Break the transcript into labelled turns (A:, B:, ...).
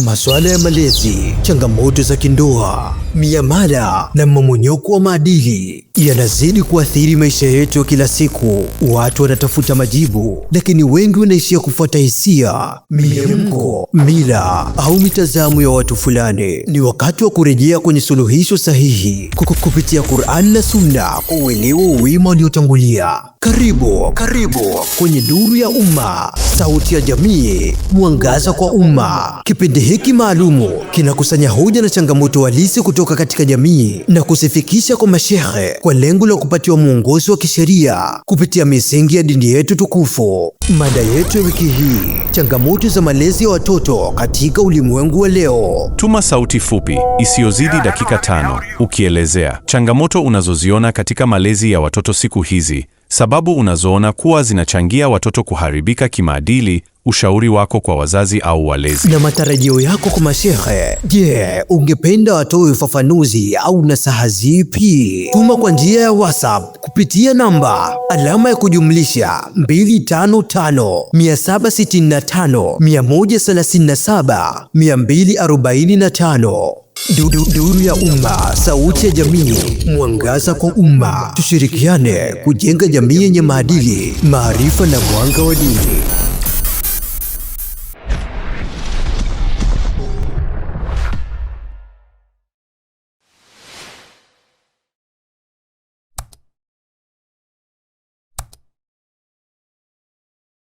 A: masuala ya malezi, changamoto za kindoa, miamala na mmomonyoko wa maadili yanazidi kuathiri maisha yetu ya kila siku. Watu wanatafuta majibu, lakini wengi wanaishia kufuata hisia, miemko, mila au mitazamo ya watu fulani. Ni wakati wa kurejea kwenye suluhisho sahihi kupitia Qur'an na Sunna kwa uelewa uliotangulia. Karibu, karibu kwenye duru ya Umma, sauti ya jamii, mwangaza kwa umma. Kipindi hiki maalumu kinakusanya hoja na changamoto halisi kutoka katika jamii na kusifikisha kwa mashehe kwa lengo la kupatiwa mwongozo wa kisheria kupitia misingi ya dini yetu tukufu. Mada yetu ya wiki hii, changamoto za malezi ya watoto katika ulimwengu wa leo. Tuma sauti fupi isiyozidi dakika tano ukielezea changamoto unazoziona katika malezi ya watoto siku hizi sababu unazoona kuwa zinachangia watoto kuharibika kimaadili, ushauri wako kwa wazazi au walezi
B: na matarajio yako kwa mashehe. Je, ungependa watoe ufafanuzi au nasaha zipi? Tuma kwa njia ya WhatsApp kupitia namba alama ya kujumlisha 255765137245 765 Duru, duru ya umma, sauti ya jamii, mwangaza kwa umma. Tushirikiane kujenga jamii yenye maadili, maarifa na mwanga wa dini.